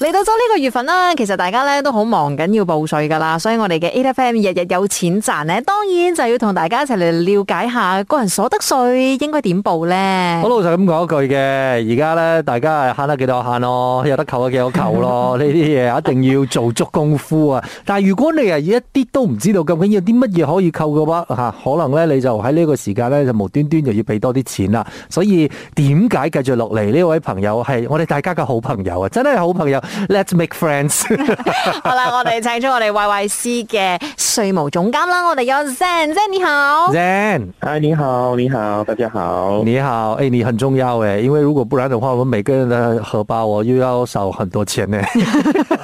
嚟到咗呢個月份啦，其實大家咧都好忙緊要報稅噶啦，所以我哋嘅 AiFM 日日有錢賺咧，當然就要同大家一齊嚟了解下個人所得稅應該點報咧。好老實咁講一句嘅，而家咧大家係慳得幾多慳咯，有得扣得幾多扣咯，呢啲嘢一定要做足功夫啊。但係如果你啊一啲都唔知道究竟有啲乜嘢可以扣嘅話，吓、啊、可能咧你就喺呢個時間咧就無端端就要俾多啲錢啦。所以點解繼續落嚟呢位朋友係我哋大家嘅好朋友啊，真係好朋友。Let's make friends。 好啦，我哋請出我哋 YYC 嘅稅務總監啦。我哋有 Zen，Zen 你好。Zen，Hi 你好，你好，大家好。你好，誒、欸、你很重要誒，因為如果不然嘅話，我每個人的荷包我又要少很多錢咧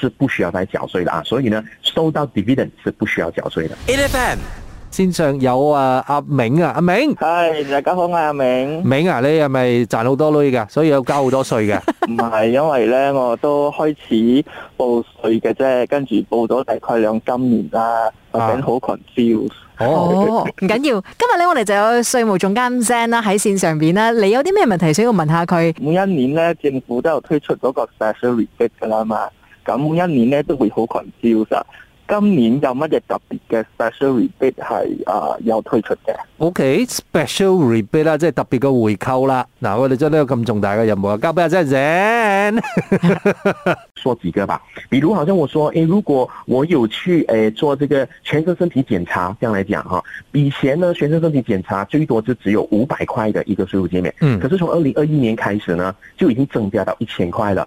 是不需要再繳稅的啊，所以呢收到 dividend 是不需要繳稅的。Eleven In 線上有啊阿明啊阿明，係大家好我係阿明。明啊，你係咪賺好多鐳噶？所以有交好多稅嘅？唔係， 因為呢，我都開始報稅嘅啫，跟住報咗大概兩今年啦，ah. 我覺得好 confused 唔緊要，今日呢，我哋就有稅務總監 Zen 啦喺線上邊啦，你有啲咩問題想要問下佢？每一年呢，政府都有推出嗰個 special rebate 噶啦嘛。咁一年咧都會好狂銷嘅，今年有乜嘢特別嘅 special rebate 係啊、呃、要推出嘅？OK，special、okay, rebate、啊、啦，即係特別嘅回扣啦。嗱，我哋將呢個咁重大嘅任務交俾阿 Jason，說幾個吧。比如，好像我説，誒，如果我有去誒做這個全身身體檢查，這樣嚟講，哈，以前呢全身身體檢查最多就只有五百塊嘅一個稅務減免，嗯，可是從二零二一年開始呢，就已經增加到一千塊了。